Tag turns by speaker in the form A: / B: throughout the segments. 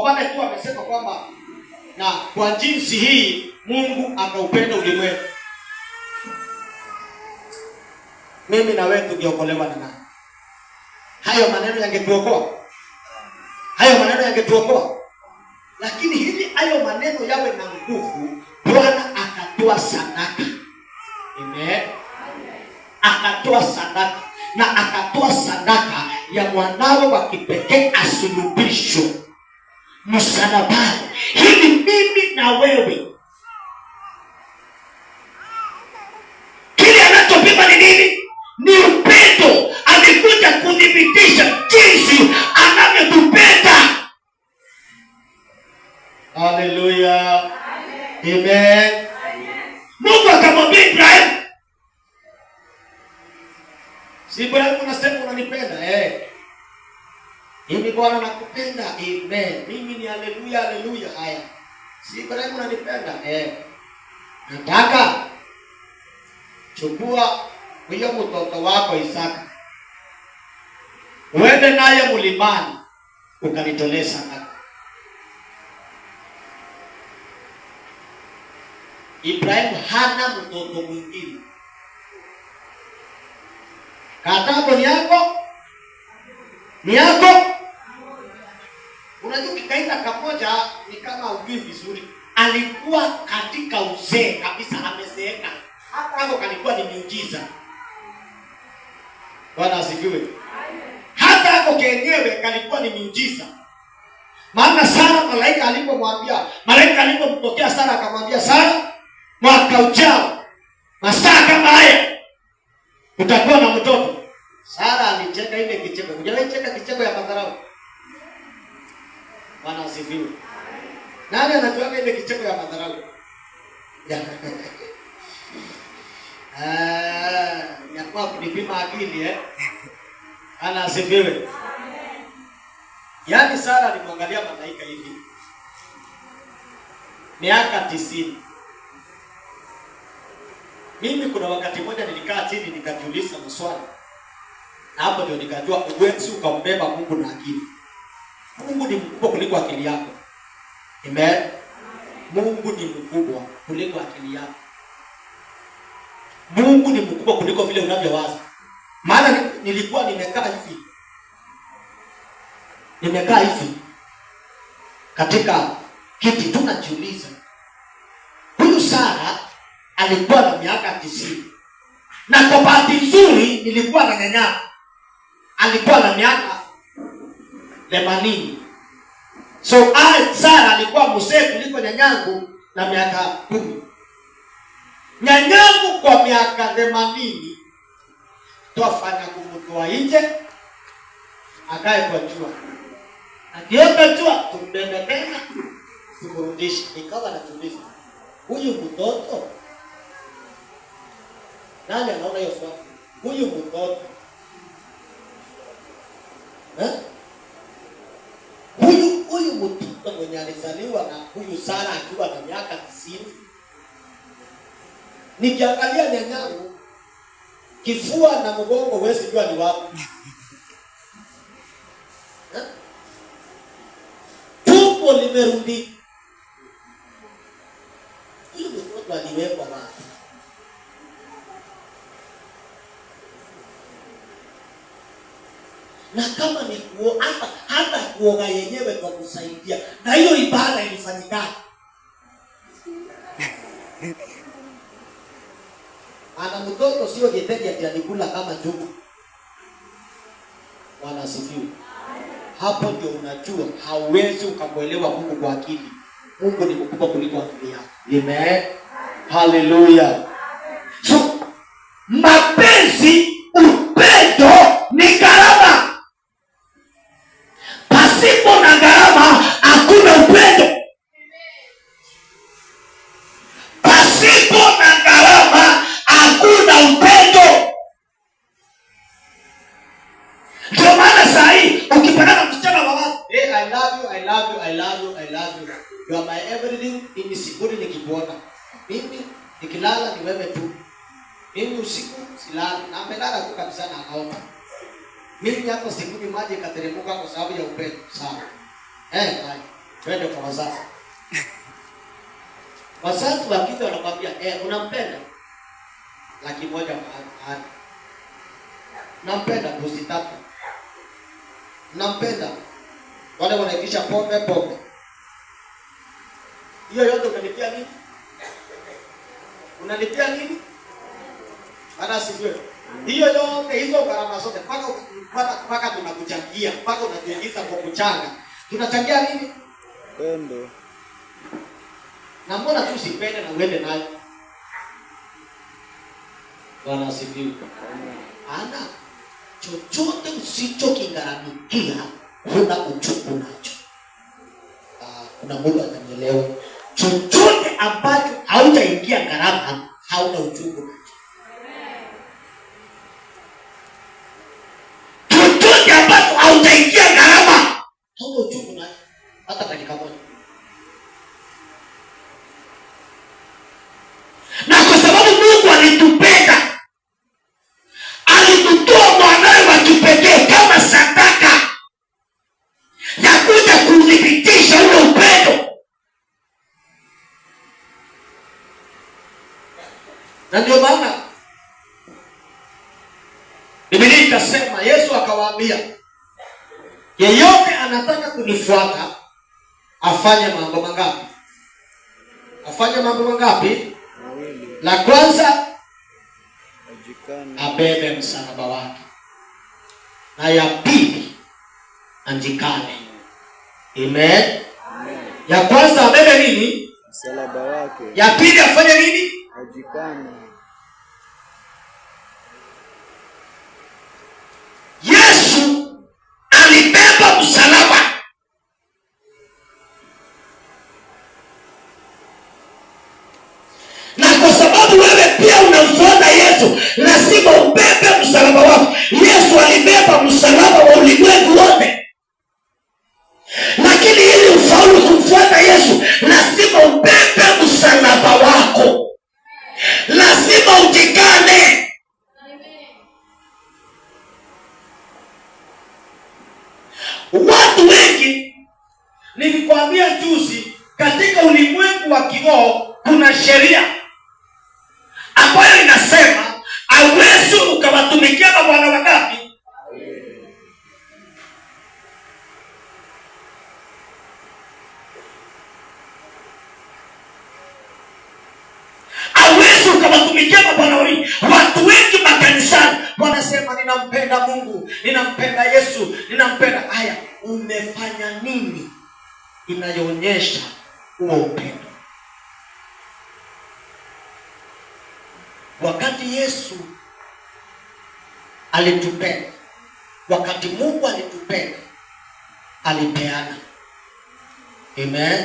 A: Kwa upande huu amesema kwamba na kwa jinsi hii Mungu ameupenda ulimwengu. Mimi na wewe tungeokolewa na nani? Hayo maneno yangetuokoa. Hayo maneno yangetuokoa. Lakini hivi hayo maneno yawe na nguvu, Bwana akatoa sadaka. Amen. Akatoa sadaka na akatoa sadaka ya mwanao wa kipekee asulubishwe msalabani, ili mimi na wewe. Kile anachopima ni nini? Ni upendo. Amekuja kudhibitisha jinsi anavyotupenda. Haleluya, amen. Mungu akamwambia Ibrahimu, si Ibrahimu unasema unanipenda eh? Bwana nakupenda. Amen. Mimi ni haleluya, haleluya. Haya, si Ibrahimu unanipenda eh? Nataka chukua huyo mtoto wako Isaka, uende naye mlimani ukanitolee sadaka. Ibrahimu hana mtoto mwingine. Katapo ni yako, ni yako Unajua kikaenda kamoja ni kama ujui vizuri. Alikuwa katika uzee kabisa, amezeeka. Hapo kalikuwa ni miujiza. Bwana asifiwe. Hata hapo kenyewe kalikuwa ni miujiza. Maana Sara malaika alipomwambia, malaika alipompokea Sara akamwambia Sara, mwaka ujao masaa kama haya utakuwa na mtoto. Sara alicheka ile kicheko. Hujawahi cheka kicheko ya madharau? Bwana asifiwe. Nani anatuaga ile kicheko ya madharau? Ah, ya kwa kunipima akili eh. Bwana asifiwe. Yaani Sara alimwangalia malaika hivi. Miaka tisini. Mimi kuna wakati mmoja nilikaa chini nikajiuliza maswali. Na hapo ndio nikajua uwezo ukambeba Mungu na akili. Mungu ni mkubwa kuliko akili yako. Amen. Mungu ni mkubwa kuliko akili yako. Mungu ni mkubwa kuliko vile unavyowaza. Maana nilikuwa nimekaa hivi, nimekaa hivi katika kiti, tunajiuliza huyu Sara alikuwa na miaka tisini na kwa bahati nzuri nilikuwa na nyanya alikuwa na miaka themanini So Sara alikuwa mzee kuliko nyanyangu na miaka kumi. Nyanyangu kwa miaka themanini twafanya kumtoa nje akae kwa jua, akiweka jua tumbebe tena tumrudishe. Ikawa natuliza huyu mtoto, nani anaona hiyo swali? Huyu mtoto eh? huyu mtoto mwenye alizaliwa na huyu Sara akiwa na miaka tisini, nikiangalia nyanyangu kifua na mgongo, wewe sijua ni wapi. Tumbo limerundika ana mtoto sio githeri atianikula kama njugu. Wanasifiwa. Hapo ndio unajua hauwezi ukamwelewa Mungu kwa akili. Mungu ni mkubwa kuliko akili yako. Amen. Hallelujah. kabisa na akaomba. Mimi hapo sikuni maji ikateremka kwa sababu ya upendo sana. Eh, bali twende kwa wazazi. Wazazi wa kike wanakwambia, "Eh, unampenda?" Laki moja mahali. Nampenda dozi tatu. Nampenda. Wale wanaikisha pombe pombe. Hiyo yote unalipia nini? Unalipia nini? Ana sijui. Hiyo yote hizo gharama zote mpaka mpaka mpaka tunakuchangia mpaka unatuingiza kwa kuchanga. Tunachangia nini? Pendo. Na mbona tu sipende na uende naye Bwana sipiu Ana chochote usichokigharamikia kuna uchungu nacho. Ah, kuna mtu atanielewa. Chochote ambacho hautaingia gharama hauna uchungu. huo uchungu na hata dakika moja. Na kwa sababu Mungu alitupenda, alitutoa mwanawe wa kipekee kama sadaka ya kuja kuthibitisha ule upendo, na ndio maana Biblia ikasema, Yesu akawaambia yeyote anataka kunifuata afanye mambo mangapi? Afanye mambo mangapi? La kwanza abebe msalaba wake, na ya pili anjikane. Amen. Ya kwanza abebe nini? Msalaba wake. Ya pili afanye nini? Ajikane. lazima ubebe msalaba wako. Yesu alibeba msalaba wa ulimwengu wote, lakini ili ufaulu kumfuata Yesu lazima ubebe msalaba wako, lazima ujikane Watu wengi nilikwambia juzi, katika ulimwengu wa kiroho kuna sheria ambayo inasema hauwezi ukawatumikia mabwana wangapi? Hauwezi ukawatumikia mabwana wawili. Watu wengi makanisani wanasema ninampenda Mungu, ninampenda Yesu, ninampenda haya. Umefanya nini inayoonyesha huo upendo? Yesu alitupenda, wakati Mungu alitupenda alipeana. Amen.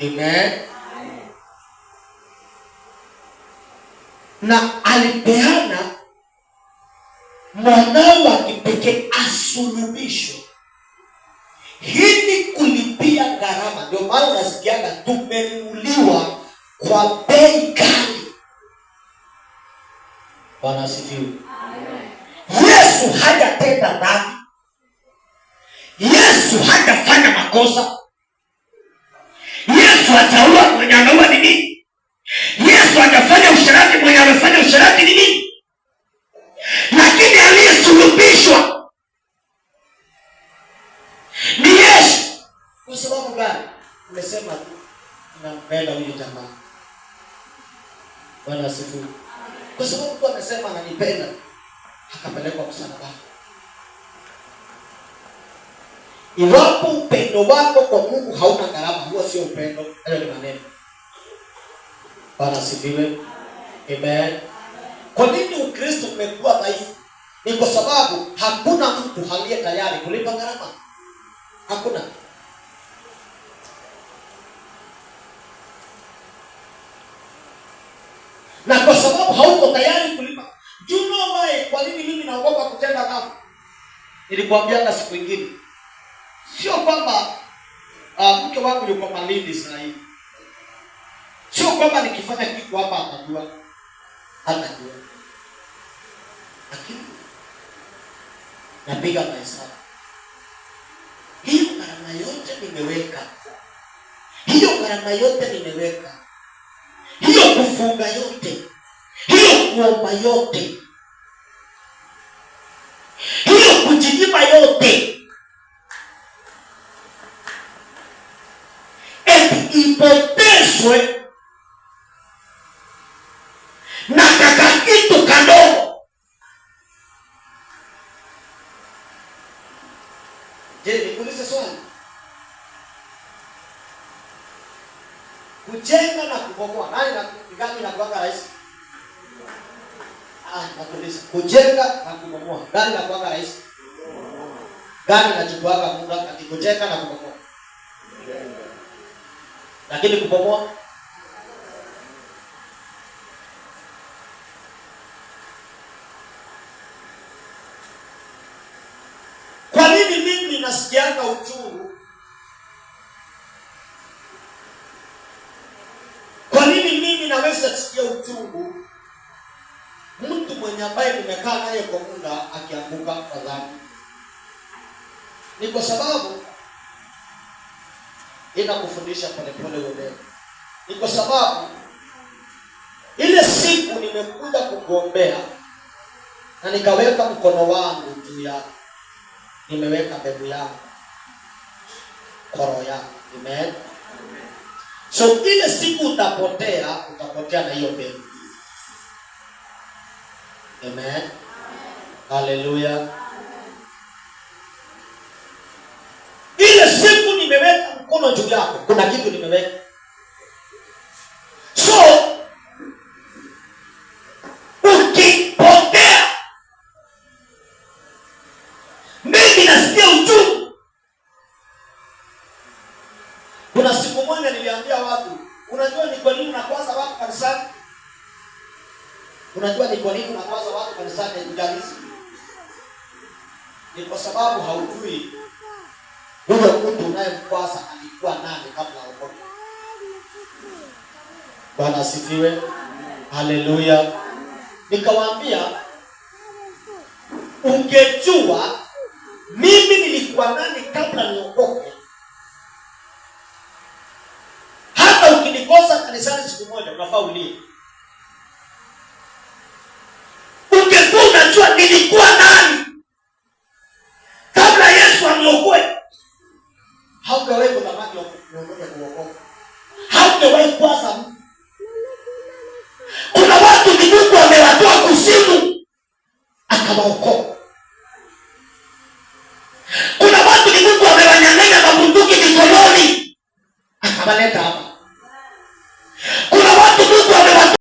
A: Amen. Na alipeana mwanao wa kipekee asulubishwe hili kulipia gharama. Ndio maana unasikiana tumeuliwa kwa bei gani Bwana asifiwe. Yesu hajatenda dhambi, Yesu hajafanya makosa, Yesu ataua mwenye anaua ni nini? Yesu hajafanya usharati mwenye amefanya usharati ni nini? Lakini aliyesulubishwa ni Yesu. Kwa sababu gani? Umesema tu nampenda huyo jamaa. Bwana asifiwe. Kwa sababu mtu amesema ananipenda, akapelekwa msalabani. Iwapo upendo wako kwa Mungu hauna gharama, huo sio upendo, hayo ni maneno. Bwana asifiwe. Amen. Kwa nini Ukristo umekuwa dhaifu? Ni kwa sababu hakuna mtu aliye tayari kulipa gharama. Hakuna. Na kwa hauko tayari kulipa. Do you know why? Kwa nini mimi naogopa kutenda dhambi? Nilikwambiaga siku ingine, sio kwamba uh, mke wangu yuko Malindi sasa hivi, sio kwamba nikifanya kitu hapa atajua, atajua, lakini napiga mahesabu hiyo gharama yote nimeweka, hiyo gharama yote nimeweka, hiyo kufunga yote hii kuomba yote, hii kujinyima yote, eti ipotezwe na kaka kitu kadogo. Je, nikuulize swali, kujenga na kubomoa, nani na na inakuwanga rahisi? matumizi. Kujenga na kubomoa. Gani la kuwaka rahisi? Gani la chukuaka muda kati na kubomoa? Lakini kubomoa Kwa nini mimi nasikianga uchungu? Kwa nini mimi naweza kusikia uchungu? mwenye ambaye nimekaa naye kwa muda akianguka kwa dhambi? Ni kwa sababu inakufundisha polepole ule Ni kwa sababu ile siku nimekuja kukuombea na nikaweka mkono wangu juu yako, nimeweka mbegu yangu kwa roho So ile siku utapotea, utapotea na hiyo mbegu. Amen. Haleluya. Ile siku nimeweka mkono juu yako, kuna kitu nimeweka. So ukipokea, mimi nasikia uchungu. Kuna siku moja niliambia watu, unajua ni kwa nini nakwaza watu kanisani Unajua ni kwa nini unakwaza watu kanisani udadisi? Ni kwa sababu haujui huyo mtu unayemkwaza alikuwa nani kabla aokoke. Bwana asifiwe, haleluya. Nikawaambia ungejua uokoe, hautawekwa thamani ya kuongoza kuokoka.